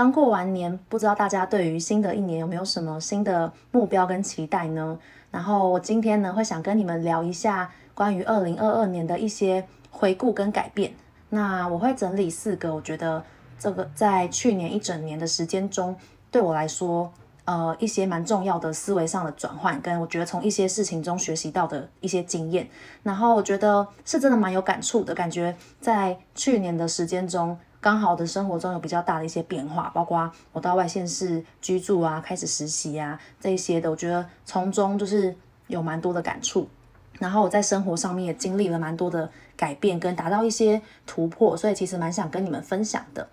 剛過完年，不知道大家對於新的一年有沒有什麼新的目標跟期待呢？然後我今天呢，會想跟你們聊一下關於二零二二年的一些回顧跟改變。那我會整理四個，我覺得這個在去年一整年的時間中，對我來說，呃，一些蠻重要的思維上的轉換，跟我覺得從一些事情中學習到的一些經驗。然後我覺得是真的蠻有感觸的，感覺在去年的時間中。剛好的生活中有比較大的一些變化，包括我到外縣市居住啊，開始實習啊，這一些的，我覺得從中就是有蠻多的感觸，然後我在生活上面也經歷了蠻多的改變，跟達到一些突破，所以其實蠻想跟你們分享的。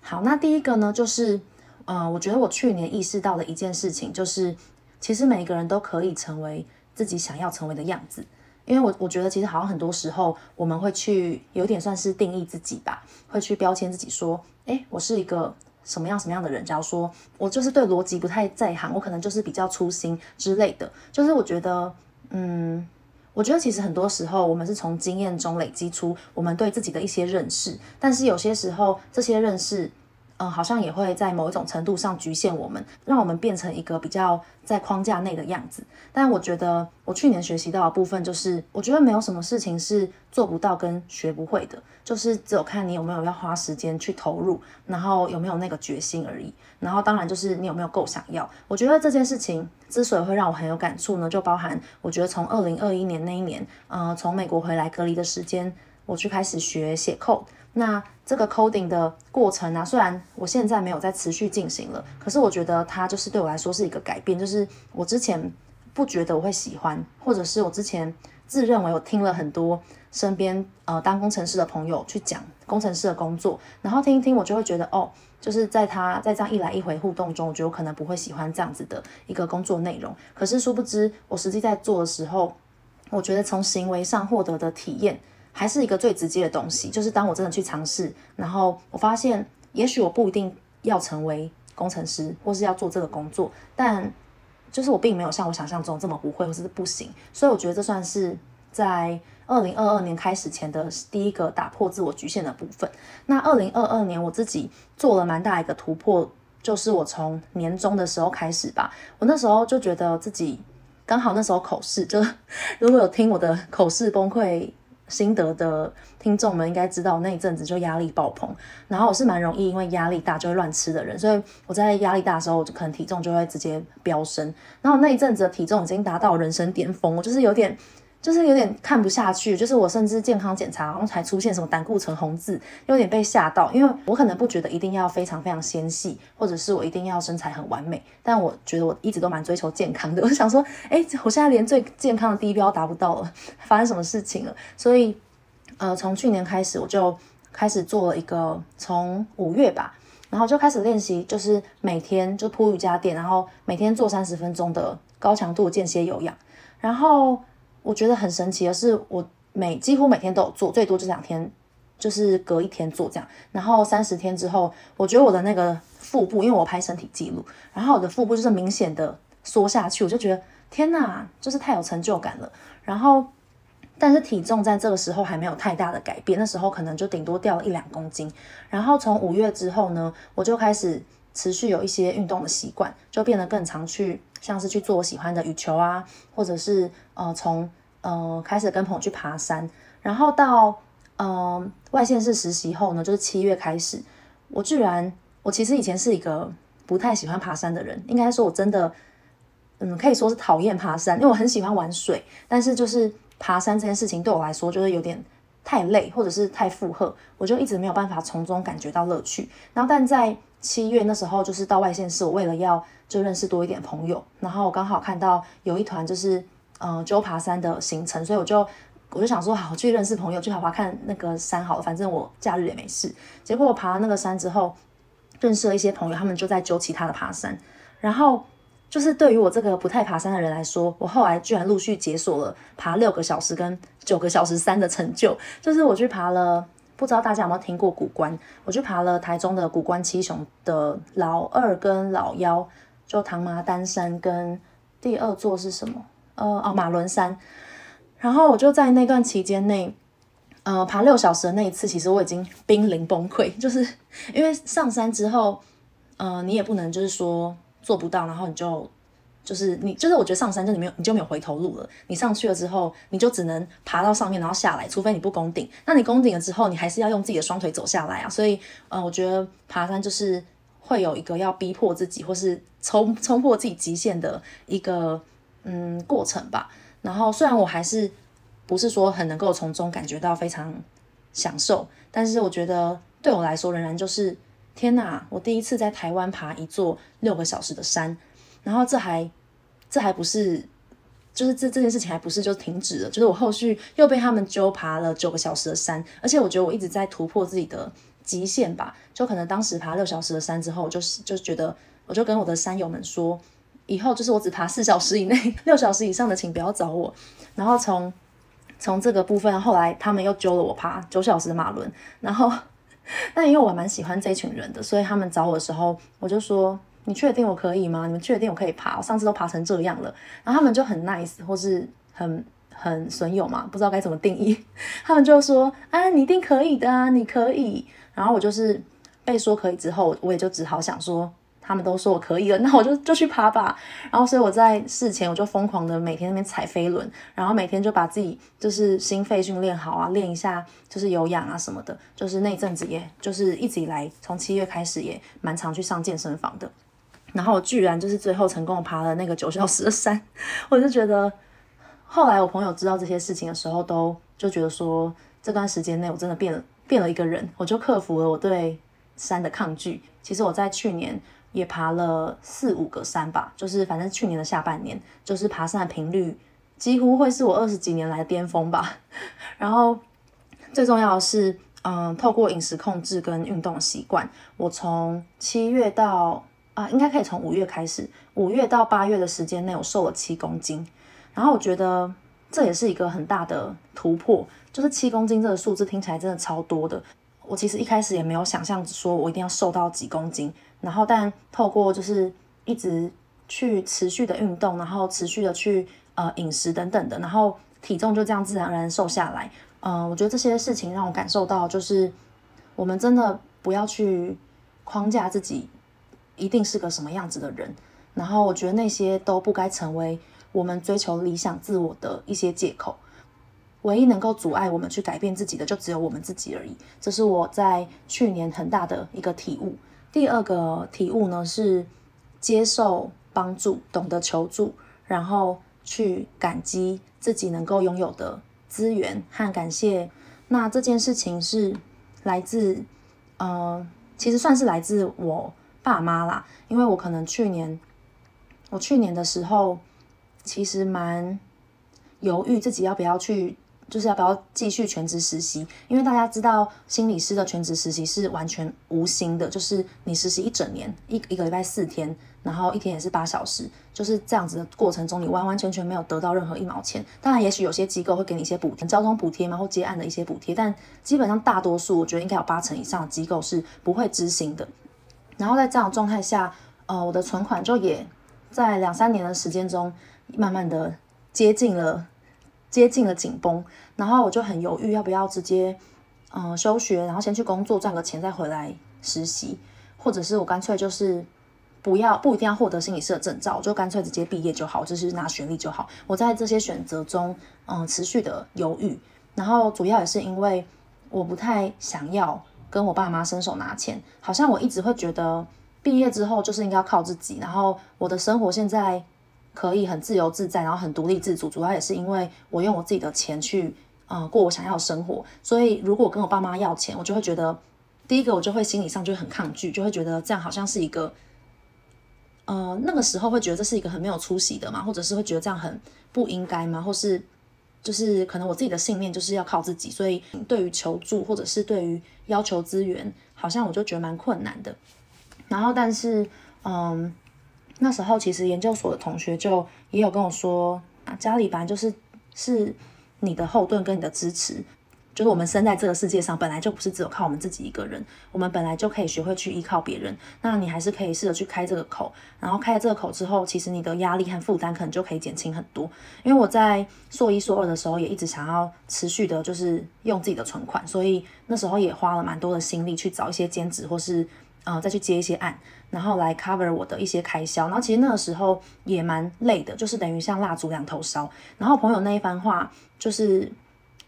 好，那第一個呢，就是，呃，我覺得我去年意識到的一件事情，就是其實每個人都可以成為自己想要成為的樣子。因為我我覺得其實好像很多時候我們會去有點算是定義自己吧，會去標籤自己說，誒，我是一個什麼樣什麼樣的人，假如說我就是對邏輯不太在行，我可能就是比較粗心之類的。就是我覺得，嗯，我覺得其實很多時候我們是從經驗中累積出我們對自己的一些認識，但是有些時候這些認識，嗯、呃，好像也會在某一種程度上局限我們，讓我們變成一個比較在框架內的樣子。但我覺得我去年學習到的部分就是，我覺得沒有什麼事情是做不到跟學不會的，就是只有看你有沒有要花時間去投入，然後有沒有那個決心而已。然後當然就是你有沒有夠想要。我覺得這件事情之所以會讓我很有感觸呢，就包含我覺得從二零二一年那一年，呃，從美國回來隔離的時間，我去開始學寫 code。那這個 coding 的過程啊，雖然我現在沒有在持續進行了，可是我覺得它就是對我來說是一個改變，就是我之前不覺得我會喜歡，或者是我之前自認為我聽了很多身邊呃當工程師的朋友去講工程師的工作，然後聽一聽我就會覺得哦，就是在他在這樣一來一回互動中，我覺得我可能不會喜歡這樣子的一個工作內容，可是殊不知我實際在做的時候，我覺得從行為上獲得的體驗。還是一個最直接的東西，就是當我真的去嘗試，然後我發現，也許我不一定要成為工程師，或是要做這個工作，但就是我並沒有像我想象中這麼不會，或是不行。所以我覺得這算是在二零二二年開始前的第一個打破自我局限的部分。那二零二二年我自己做了蠻大一個突破，就是我從年中的時候開始吧，我那時候就覺得自己剛好那時候口試，就如果有聽我的口試崩潰心得的聽眾們應該知道，那一陣子就壓力爆棚，然後我是蠻容易因為壓力大就會亂吃的人，所以我在壓力大的時候，我就可能體重就會直接飆升，然後那一陣子的體重已經達到人生巔峰，我就是有點。就是有點看不下去，就是我甚至健康檢查，然後才出現什麼膽固醇紅字，有點被嚇到。因為我可能不覺得一定要非常非常纖細，或者是我一定要身材很完美，但我覺得我一直都蠻追求健康的。我想說，哎，我現在連最健康的低標達不到了，發生什麼事情了？所以，呃，從去年開始，我就開始做了一個，從五月吧，然後就開始練習，就是每天就鋪瑜伽墊，然後每天做三十分鐘的高強度間歇有氧，然後。我覺得很神奇的是，我每幾乎每天都有做，最多這兩天就是隔一天做這樣。然後三十天之後，我覺得我的那個腹部，因為我拍身體記錄，然後我的腹部就是明顯的縮下去，我就覺得天哪，就是太有成就感了。然後，但是體重在這個時候還沒有太大的改變，那時候可能就頂多掉了一兩公斤。然後從五月之後呢，我就開始持續有一些運動的習慣，就變得更常去，像是去做我喜歡的羽球啊，或者是呃從嗯、呃，開始跟朋友去爬山，然後到嗯、呃、外縣市實習後呢，就是七月開始，我居然，我其實以前是一個不太喜歡爬山的人，應該說我真的，嗯，可以說是討厭爬山，因為我很喜歡玩水，但是就是爬山這件事情對我來說就是有點太累，或者是太負荷，我就一直沒有辦法從中感覺到樂趣。然後但在七月那時候，就是到外縣市，我為了要就認識多一點朋友，然後我剛好看到有一團就是。嗯、呃，就爬山的行程，所以我就我就想說，好，我去認識朋友，去好好看那個山，好，了，反正我假日也沒事。結果我爬了那個山之後，認識了一些朋友，他們就在揪其他的爬山。然後就是對於我這個不太爬山的人來說，我後來居然陸續解鎖了爬六個小時跟九個小時山的成就。就是我去爬了，不知道大家有沒有聽過古關，我去爬了台中的古關七雄的老二跟老幺，就唐麻丹山跟第二座是什麼？呃哦，馬崙山，然後我就在那段期間內，呃，爬六小時的那一次，其實我已經瀕臨崩潰，就是因為上山之後，呃，你也不能就是說做不到，然後你就就是你就是我覺得上山就你沒有你就沒有回頭路了，你上去了之後，你就只能爬到上面然後下來，除非你不攻頂，那你攻頂了之後，你還是要用自己的雙腿走下來啊，所以呃，我覺得爬山就是會有一個要逼迫自己或是衝衝破自己極限的一個。嗯，過程吧。然後雖然我還是不是說很能夠從中感覺到非常享受，但是我覺得對我來說仍然就是天哪！我第一次在台灣爬一座六個小時的山，然後這還這還不是就是這這件事情還不是就停止了，就是我後續又被他們揪爬了九個小時的山。而且我覺得我一直在突破自己的極限吧。就可能當時爬六小時的山之後，我就是就覺得我就跟我的山友們說。以後就是我只爬四小時以內、六小時以上的，請不要找我。然後從從這個部分，後來他們又揪了我爬九小時的馬輪。然後，但因為我蠻喜歡這群人的，所以他們找我的時候，我就說：“你確定我可以嗎？你們確定我可以爬？我上次都爬成這樣了。”然後他們就很 nice，或是很很損友嘛，不知道該怎麼定義。他們就說：“啊，你一定可以的啊，你可以。”然後我就是被說可以之後，我也就只好想說。他們都說我可以了，那我就就去爬吧。然後，所以我在事前我就瘋狂的每天那邊踩飛輪，然後每天就把自己就是心肺訓練好啊，練一下就是有氧啊什麼的。就是那陣子也，也就是一直以來，從七月開始也蠻常去上健身房的。然後，我居然就是最後成功爬了那個九小時的山。我就覺得，後來我朋友知道這些事情的時候，都就覺得說這段時間內我真的變了變了一個人。我就克服了我對山的抗拒。其實我在去年。也爬了四五個山吧，就是反正去年的下半年，就是爬山的頻率幾乎會是我二十幾年來的巔峰吧。然後最重要的是，嗯，透過飲食控制跟運動習慣，我從七月到，啊，應該可以從五月開始，五月到八月的時間內，我瘦了七公斤。然後我覺得這也是一個很大的突破，就是七公斤這個數字聽起來真的超多的。我其實一開始也沒有想象說我一定要瘦到幾公斤。然後，但透過就是一直去持續的運動，然後持續的去呃飲食等等的，然後體重就這樣自然而然瘦下來。嗯、呃，我覺得這些事情讓我感受到，就是我們真的不要去框架自己一定是個什麼樣子的人。然後，我覺得那些都不該成為我們追求理想自我的一些借口。唯一能夠阻礙我們去改變自己的，就只有我們自己而已。這是我在去年很大的一個體悟。第二個體悟呢，是接受幫助，懂得求助，然後去感激自己能夠擁有的資源和感謝。那這件事情是來自，呃，其實算是來自我爸媽啦，因為我可能去年，我去年的時候其實蠻猶豫自己要不要去。就是要不要繼續全職實習？因為大家知道，心理師的全職實習是完全無薪的，就是你實習一整年，一一個禮拜四天，然後一天也是八小時，就是這樣子的過程中，你完完全全沒有得到任何一毛錢。當然，也許有些機構會給你一些補貼，交通補貼嘛，或接案的一些補貼，但基本上大多數，我覺得應該有八成以上的機構是不會執行的。然後在這樣的狀態下，呃，我的存款就也在兩三年的時間中，慢慢的接近了。接近了緊繃，然後我就很猶豫，要不要直接，嗯、呃，休學，然後先去工作賺個錢再回來實習，或者是我乾脆就是不要，不一定要獲得心理師的證照，我就乾脆直接畢業就好，就是拿學歷就好。我在這些選擇中，嗯、呃，持續的猶豫，然後主要也是因為我不太想要跟我爸媽伸手拿錢，好像我一直會覺得畢業之後就是應該要靠自己，然後我的生活現在。可以很自由自在，然後很獨立自主，主要也是因為我用我自己的錢去，嗯、呃，過我想要的生活。所以如果我跟我爸媽要錢，我就會覺得，第一個我就會心理上就很抗拒，就會覺得這樣好像是一個，呃，那個時候會覺得這是一個很沒有出息的嘛，或者是會覺得這樣很不應該嘛，或是就是可能我自己的信念就是要靠自己，所以對於求助或者是對於要求資源，好像我就覺得蠻困難的。然後，但是，嗯、呃。那時候其實研究所的同學就也有跟我說啊，家裡本來就是是你的後盾跟你的支持。就是我們生在這個世界上，本來就不是只有靠我們自己一個人，我們本來就可以學會去依靠別人。那你還是可以試着去開這個口，然後開了這個口之後，其實你的壓力和負擔可能就可以減輕很多。因為我在碩一、碩二的時候，也一直想要持續的，就是用自己的存款，所以那時候也花了蠻多的心力去找一些兼職，或是呃再去接一些案，然後來 cover 我的一些開銷。然後其實那個時候也蠻累的，就是等於像蠟燭兩頭燒。然後我朋友那一番話，就是。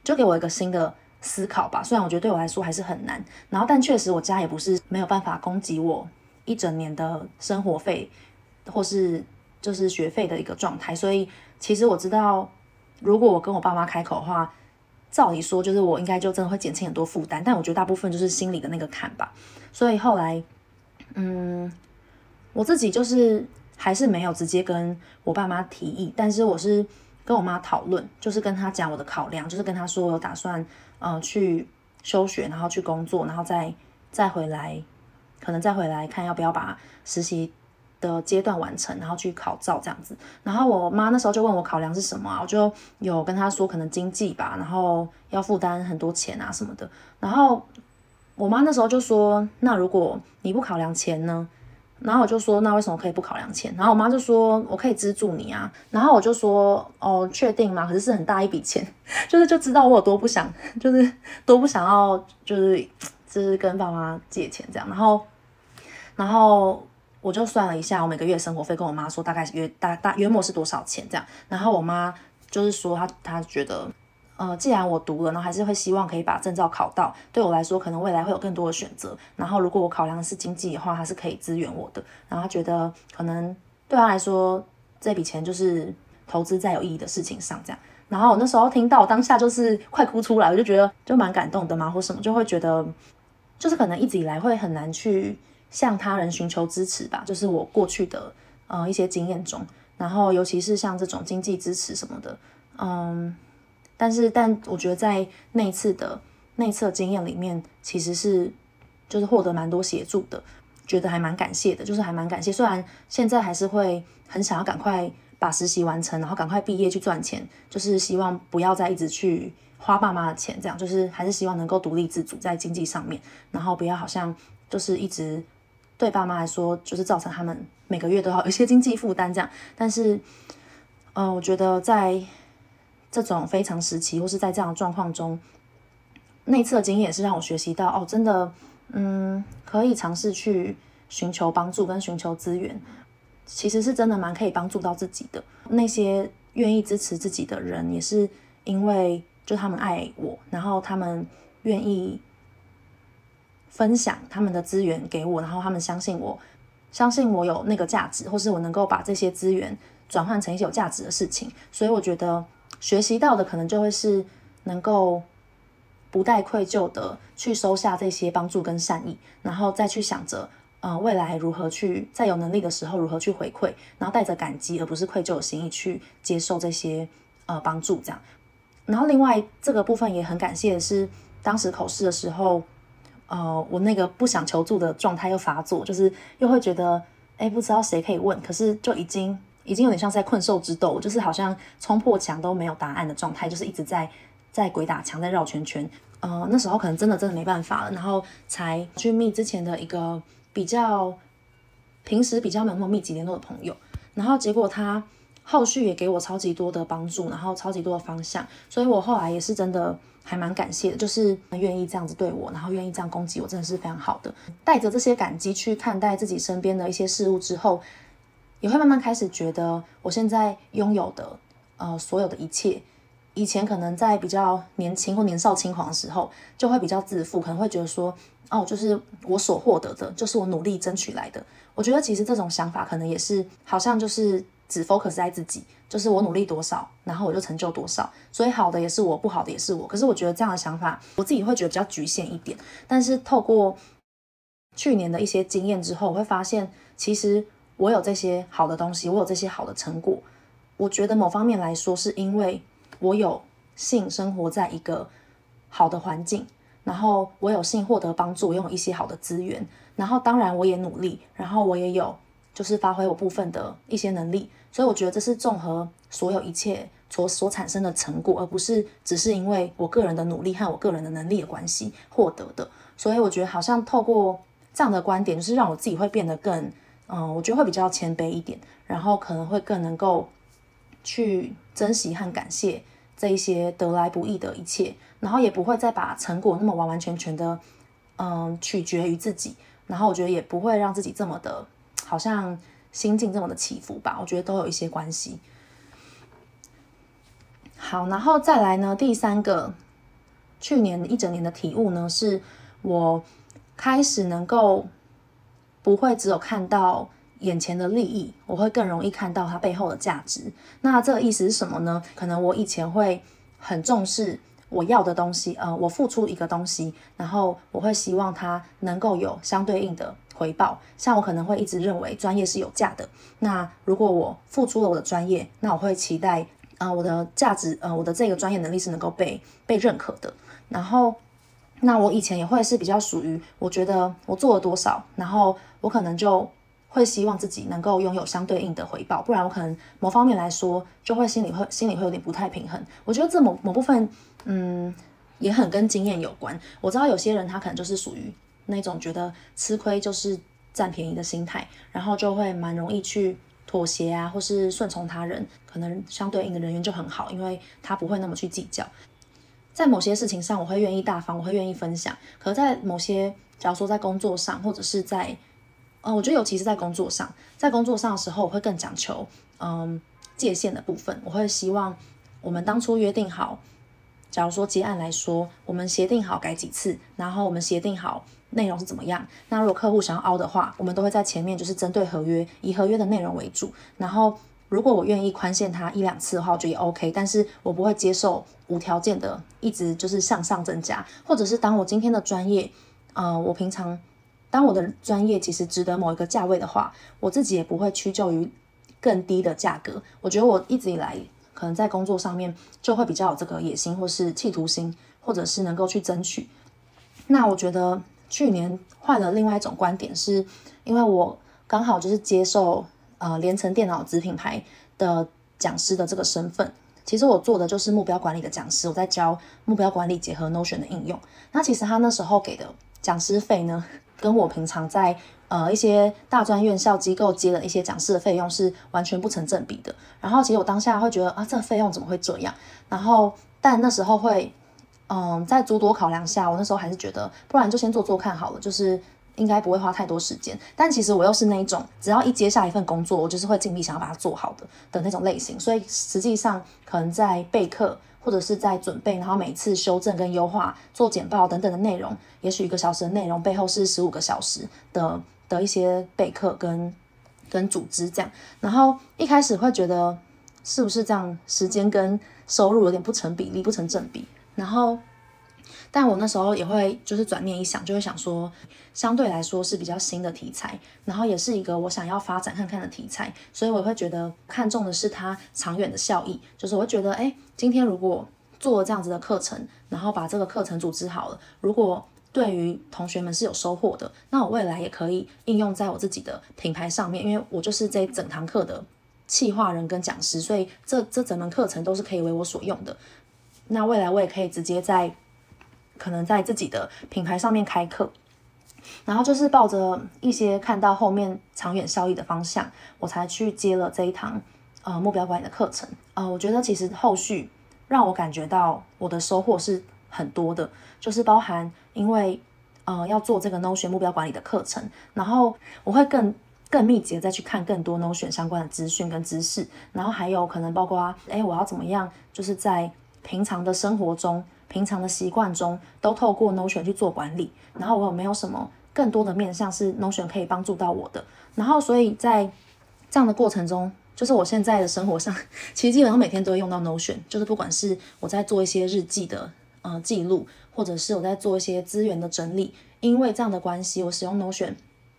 就給我一個新的思考吧，雖然我覺得對我來說還是很難，然後但確實我家也不是沒有辦法供給我一整年的生活費，或是就是學費的一個狀態，所以其實我知道，如果我跟我爸媽開口的話，照理說就是我應該就真的會減輕很多負擔，但我覺得大部分就是心裡的那個坎吧，所以後來，嗯，我自己就是還是沒有直接跟我爸媽提議，但是我是。跟我媽討論，就是跟她講我的考量，就是跟她說我打算，呃，去休學，然後去工作，然後再再回來，可能再回來看要不要把實習的階段完成，然後去考照這樣子。然後我媽那時候就問我考量是什麼啊，我就有跟她說可能經濟吧，然後要負擔很多錢啊什麼的。然後我媽那時候就說，那如果你不考量錢呢？然後我就說，那為什麼可以不考量錢？然後我媽就說，我可以資助你啊。然後我就說，哦，確定嗎？可是是很大一筆錢，就是就知道我有多不想，就是多不想要，就是就是跟爸媽借錢這樣。然後，然後我就算了一下，我每個月生活費跟我媽說大概約大大約莫是多少錢這樣。然後我媽就是說她，她她覺得。呃，既然我讀了，然後還是會希望可以把證照考到。對我來說，可能未來會有更多的選擇。然後，如果我考量的是經濟的話，他是可以支援我的。然後，他覺得可能對他來說，這筆錢就是投資在有意義的事情上，這樣。然後我那時候聽到當下就是快哭出來，我就覺得就蠻感動的嘛，或什麼，就會覺得就是可能一直以來會很難去向他人尋求支持吧，就是我過去的呃一些經驗中，然後尤其是像這種經濟支持什麼的，嗯。但是，但我覺得在那一次的內測經驗裡面，其實是就是獲得蠻多協助的，覺得還蠻感謝的，就是還蠻感謝。雖然現在還是會很想要趕快把實習完成，然後趕快畢業去賺錢，就是希望不要再一直去花爸媽的錢，這樣就是還是希望能夠獨立自主在經濟上面，然後不要好像就是一直對爸媽來說就是造成他們每個月都有一些經濟負擔這樣。但是，嗯、呃，我覺得在。這種非常時期，或是在這樣的狀況中，那次經驗也是讓我學習到哦，真的，嗯，可以嘗試去尋求幫助跟尋求資源，其實是真的蠻可以幫助到自己的。那些願意支持自己的人，也是因為就他們愛我，然後他們願意分享他們的資源給我，然後他們相信我，相信我有那個價值，或是我能夠把這些資源轉換成一些有價值的事情。所以我覺得。學習到的可能就會是能夠不帶愧疚的去收下這些幫助跟善意，然後再去想着，呃，未來如何去在有能力的時候如何去回饋，然後帶着感激而不是愧疚的心意去接受這些呃幫助，這樣。然後另外這個部分也很感謝的是，當時考試的時候，呃，我那個不想求助的狀態又發作，就是又會覺得，哎，不知道誰可以問，可是就已經。已經有點像在困獸之鬥，就是好像衝破牆都沒有答案的狀態，就是一直在在鬼打牆，在繞圈圈。呃，那時候可能真的真的沒辦法了，然後才去 meet 之前的一個比較平時比較沒有那麼密集聯絡的朋友，然後結果他後續也給我超級多的幫助，然後超級多的方向，所以我後來也是真的還蠻感謝的，就是願意這樣子對我，然後願意這樣攻擊我，真的是非常好的。帶着這些感激去看待自己身邊的一些事物之後。也會慢慢開始覺得，我現在擁有的，呃，所有的一切，以前可能在比較年輕或年少輕狂的時候，就會比較自負，可能會覺得說，哦，就是我所獲得的，就是我努力爭取來的。我覺得其實這種想法，可能也是好像就是只 focus 在自己，就是我努力多少，然後我就成就多少，所以好的也是我，不好的也是我。可是我覺得這樣的想法，我自己會覺得比較局限一點。但是透過去年的一些經驗之後，我會發現其實。我有這些好的東西，我有這些好的成果。我覺得某方面來說，是因為我有幸生活在一個好的環境，然後我有幸獲得幫助，擁有一些好的資源。然後當然我也努力，然後我也有就是發揮我部分的一些能力。所以我覺得這是綜合所有一切所所產生的成果，而不是只是因為我個人的努力和我個人的能力的關係獲得的。所以我覺得好像透過這樣的觀點，就是讓我自己會變得更。嗯，我覺得會比較謙卑一點，然後可能會更能夠去珍惜和感謝這一些得來不易的一切，然後也不會再把成果那麼完完全全的，嗯，取決於自己，然後我覺得也不會讓自己這麼的，好像心境這麼的起伏吧，我覺得都有一些關係。好，然後再來呢，第三個，去年一整年的體悟呢，是我開始能夠。不會只有看到眼前的利益，我會更容易看到它背後的價值。那這個意思是什麼呢？可能我以前會很重視我要的東西，呃，我付出一個東西，然後我會希望它能夠有相對應的回報。像我可能會一直認為專業是有價的。那如果我付出了我的專業，那我會期待，啊，呃，我的價值，呃，我的這個專業能力是能夠被被認可的。然後。那我以前也會是比較屬於，我覺得我做了多少，然後我可能就會希望自己能夠擁有相對應的回報，不然我可能某方面來說就會心裡會心裡會有點不太平衡。我覺得這某某部分，嗯，也很跟經驗有關。我知道有些人他可能就是屬於那種覺得吃虧就是占便宜的心態，然後就會蠻容易去妥協啊，或是順從他人，可能相對應的人緣就很好，因為他不會那麼去計較。在某些事情上，我會願意大方，我會願意分享。可是在某些，假如說在工作上，或者是在，呃、哦，我覺得尤其是在工作上，在工作上的時候，我會更講求，嗯，界限的部分。我會希望我們當初約定好，假如說接案來說，我們協定好改幾次，然後我們協定好內容是怎麼樣。那如果客戶想要凹的話，我們都會在前面就是針對合約，以合約的內容為主，然後。如果我願意寬限他一兩次的話，我覺得也 OK。但是我不會接受無條件的一直就是向上增加，或者是當我今天的專業，呃，我平常當我的專業其實值得某一個價位的話，我自己也不會屈就於更低的價格。我覺得我一直以來可能在工作上面就會比較有這個野心，或是企圖心，或者是能夠去爭取。那我覺得去年換了另外一種觀點是，是因為我剛好就是接受。呃，聯成電腦子品牌的講師的這個身份，其實我做的就是目標管理的講師，我在教目標管理結合 Notion 的應用。那其實他那時候給的講師費呢，跟我平常在呃一些大專院校機構接的一些講師的費用是完全不成正比的。然後其實我當下會覺得啊，這個費用怎麼會這樣？然後但那時候會，嗯，在諸多考量下，我那時候還是覺得，不然就先做做看好了，就是。應該不會花太多時間，但其實我又是那一種，只要一接下一份工作，我就是會盡力想要把它做好的的那種類型。所以實際上，可能在備課或者是在準備，然後每次修正跟優化、做簡報等等的內容，也許一個小時的內容背後是十五個小時的的一些備課跟跟組織這樣。然後一開始會覺得是不是這樣，時間跟收入有點不成比例、不成正比，然後。但我那時候也會，就是轉念一想，就會想說，相對來說是比較新的題材，然後也是一個我想要發展看看的題材，所以我會覺得看重的是它長遠的效益，就是我會覺得，哎，今天如果做了這樣子的課程，然後把這個課程組織好了，如果對於同學們是有收穫的，那我未來也可以應用在我自己的品牌上面，因為我就是這整堂課的企劃人跟講師，所以這這整門課程都是可以為我所用的。那未來我也可以直接在。可能在自己的品牌上面開課，然後就是抱着一些看到後面長遠效益的方向，我才去接了這一堂呃目標管理的課程。呃，我覺得其實後續讓我感覺到我的收穫是很多的，就是包含因為呃要做這個 Notion 目標管理的課程，然後我會更更密集的再去看更多 Notion 相關的資訊跟知識，然後還有可能包括誒、哎，我要怎麼樣，就是在平常的生活中。平常的習慣中都透過 Notion 去做管理，然後我有沒有什麼更多的面向是 Notion 可以幫助到我的？然後所以在這樣的過程中，就是我現在的生活上，其實基本上每天都會用到 Notion，就是不管是我在做一些日記的呃記錄，或者是我在做一些資源的整理，因為這樣的關係，我使用 Notion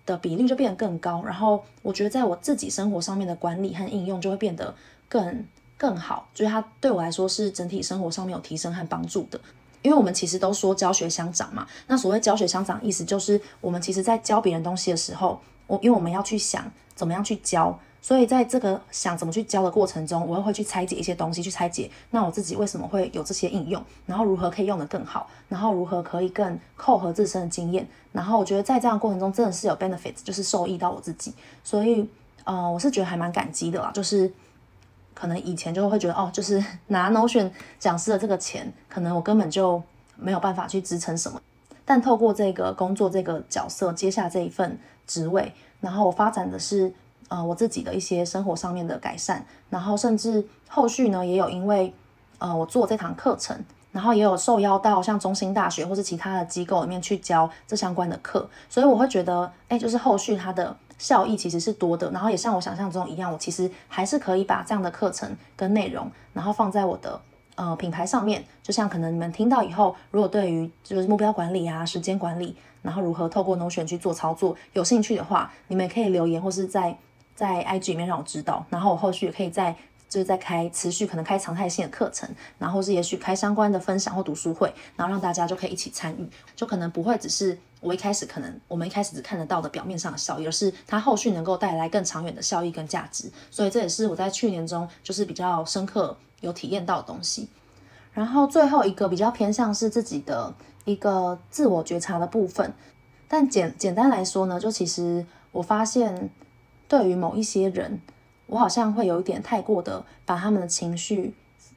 的比例就變得更高。然後我覺得在我自己生活上面的管理和應用就會變得更。更好，就是它對我來說是整體生活上面有提升和幫助的。因為我們其實都說教學相長嘛，那所謂教學相長意思就是我們其實，在教別人東西的時候，我因為我們要去想怎麼樣去教，所以在這個想怎麼去教的過程中，我會去拆解一些東西，去拆解那我自己為什麼會有這些應用，然後如何可以用得更好，然後如何可以更扣合自身的經驗，然後我覺得在這樣的過程中真的是有 benefits，就是受益到我自己，所以呃，我是覺得還蠻感激的啦，就是。可能以前就會覺得哦，就是拿 Notion 講師的這個錢，可能我根本就沒有辦法去支撐什麼。但透過這個工作，這個角色接下這一份職位，然後我發展的是呃我自己的一些生活上面的改善，然後甚至後續呢也有因為呃我做這堂課程，然後也有受邀到像中興大學或是其他的機構裡面去教這相關的課，所以我會覺得哎，就是後續它的。效益其實是多的，然後也像我想象中一樣，我其實還是可以把這樣的課程跟內容，然後放在我的呃品牌上面。就像可能你們聽到以後，如果對於就是目標管理啊、時間管理，然後如何透過 Notion 去做操作有興趣的話，你們也可以留言或是在在 IG 裡面讓我知道，然後我後續也可以在。就是在開持續可能開常態性的課程，然後是也許開相關的分享或讀書會，然後讓大家就可以一起參與，就可能不會只是我一開始可能我們一開始只看得到的表面上的效益，而是它後續能夠帶來更長遠的效益跟價值。所以這也是我在去年中就是比較深刻有體驗到的東西。然後最後一個比較偏向是自己的一個自我覺察的部分，但簡簡單來說呢，就其實我發現對於某一些人。我好像會有一點太過的把他們的情緒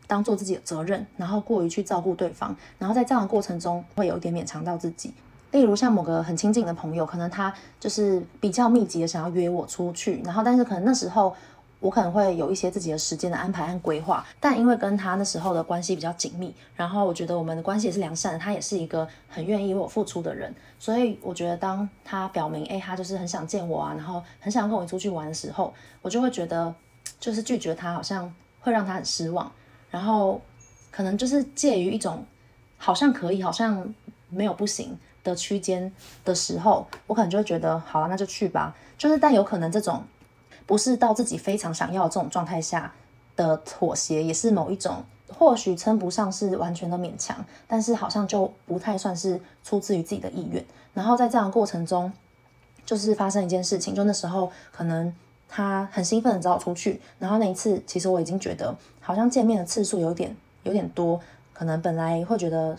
當做自己的責任，然後過於去照顧對方，然後在這樣的過程中會有一點勉強到自己。例如像某個很親近的朋友，可能他就是比較密集的想要約我出去，然後但是可能那時候。我可能會有一些自己的時間的安排和規劃，但因為跟他那時候的關係比較緊密，然後我覺得我們的關係也是良善的，他也是一個很願意為我付出的人，所以我覺得當他表明，誒、哎，他就是很想見我啊，然後很想跟我出去玩的時候，我就會覺得就是拒絕他好像會讓他很失望，然後可能就是介於一種好像可以，好像沒有不行的區間的時候，我可能就會覺得好啊，那就去吧，就是但有可能這種。不是到自己非常想要的這種狀態下的妥協也是某一種，或許稱不上是完全的勉強，但是好像就不太算是出自於自己的意願。然後在這樣的過程中，就是發生一件事情，就那時候可能他很興奮的找我出去，然後那一次其實我已經覺得好像見面的次數有點有點多，可能本來會覺得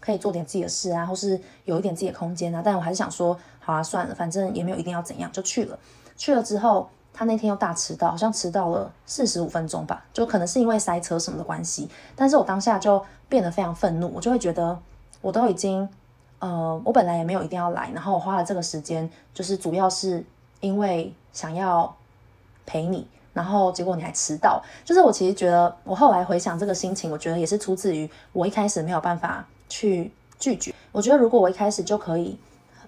可以做點自己的事啊，或是有一點自己的空間啊，但我還是想說，好啊，算了，反正也沒有一定要怎樣，就去了。去了之後。他那天又大遲到，好像遲到了四十五分鐘吧，就可能是因為塞車什麼的關係。但是我當下就變得非常憤怒，我就會覺得，我都已經，呃，我本來也沒有一定要來，然後我花了這個時間，就是主要是因為想要陪你，然後結果你還遲到，就是我其實覺得，我後來回想這個心情，我覺得也是出自於我一開始沒有辦法去拒絕。我覺得如果我一開始就可以，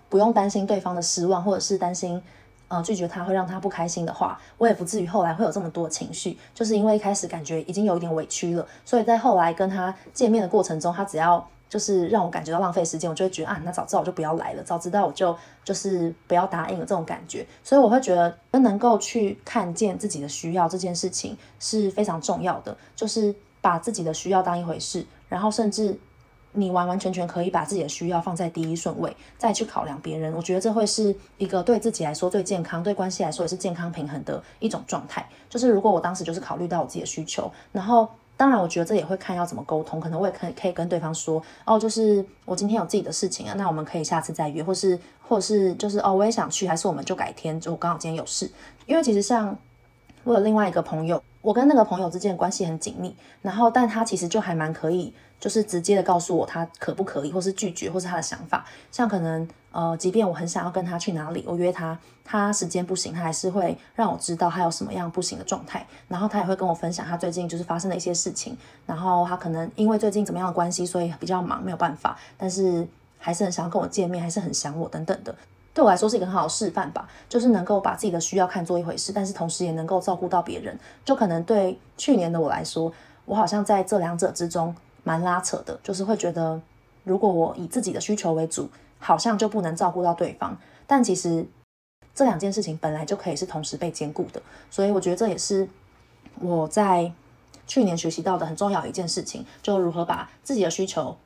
不用擔心對方的失望，或者是擔心。呃，拒絕他會讓他不開心的話，我也不至於後來會有這麼多情緒，就是因為一開始感覺已經有一點委屈了，所以在後來跟他見面的過程中，他只要就是讓我感覺到浪費時間，我就會覺得啊，那早知道我就不要來了，早知道我就就是不要答應了這種感覺，所以我會覺得能夠去看見自己的需要這件事情是非常重要的，就是把自己的需要當一回事，然後甚至。你完完全全可以把自己的需要放在第一順位，再去考量別人。我覺得這會是一個對自己來說最健康，對關係來說也是健康平衡的一種狀態。就是如果我當時就是考慮到我自己的需求，然後當然我覺得這也會看要怎麼溝通，可能我也可以可以跟對方說，哦，就是我今天有自己的事情啊，那我們可以下次再約，或是或者是就是哦，我也想去，還是我們就改天，就剛好今天有事。因為其實像我有另外一個朋友，我跟那個朋友之間的關係很緊密，然後但他其實就還蠻可以。就是直接的告訴我他可不可以，或是拒絕，或是他的想法。像可能呃，即便我很想要跟他去哪裡，我約他，他時間不行，他還是會讓我知道他有什麼樣不行的狀態。然後他也會跟我分享他最近就是發生的一些事情。然後他可能因為最近怎麼樣的關係，所以比較忙，沒有辦法，但是還是很想要跟我見面，還是很想我等等的。對我來說是一個很好的示範吧，就是能夠把自己的需要看作一回事，但是同時也能夠照顧到別人。就可能對去年的我來說，我好像在這兩者之中。蠻拉扯的，就是會覺得，如果我以自己的需求為主，好像就不能照顧到對方。但其實這兩件事情本來就可以是同時被兼顧的。所以我覺得這也是我在去年學習到的很重要一件事情，就如何把自己的需求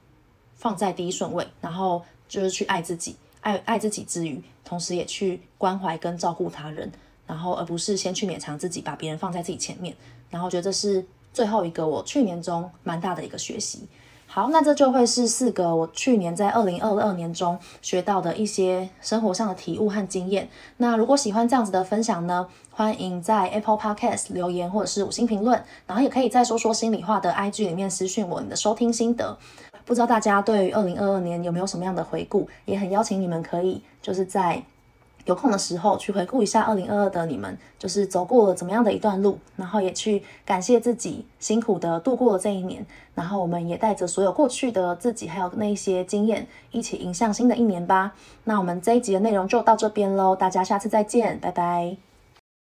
放在第一順位，然後就是去愛自己，愛愛自己之餘，同時也去關懷跟照顧他人，然後而不是先去勉強自己，把別人放在自己前面。然後我覺得這是。最後一個，我去年中蠻大的一個學習。好，那這就會是四個我去年在二零二二年中學到的一些生活上的體悟和經驗。那如果喜歡這樣子的分享呢，歡迎在 Apple Podcast 留言或者是五星評論，然後也可以在說說心理話的 IG 裡面私訊我你的收聽心得。不知道大家對於二零二二年有沒有什麼樣的回顧？也很邀請你們可以就是在。有空的時候去回顧一下2022的你們，就是走過了怎麼樣的一段路，然後也去感謝自己辛苦的度過了這一年，然後我們也帶着所有過去的自己還有那些經驗，一起迎向新的一年吧。那我們這一集的內容就到這邊嘍，大家下次再見，拜拜。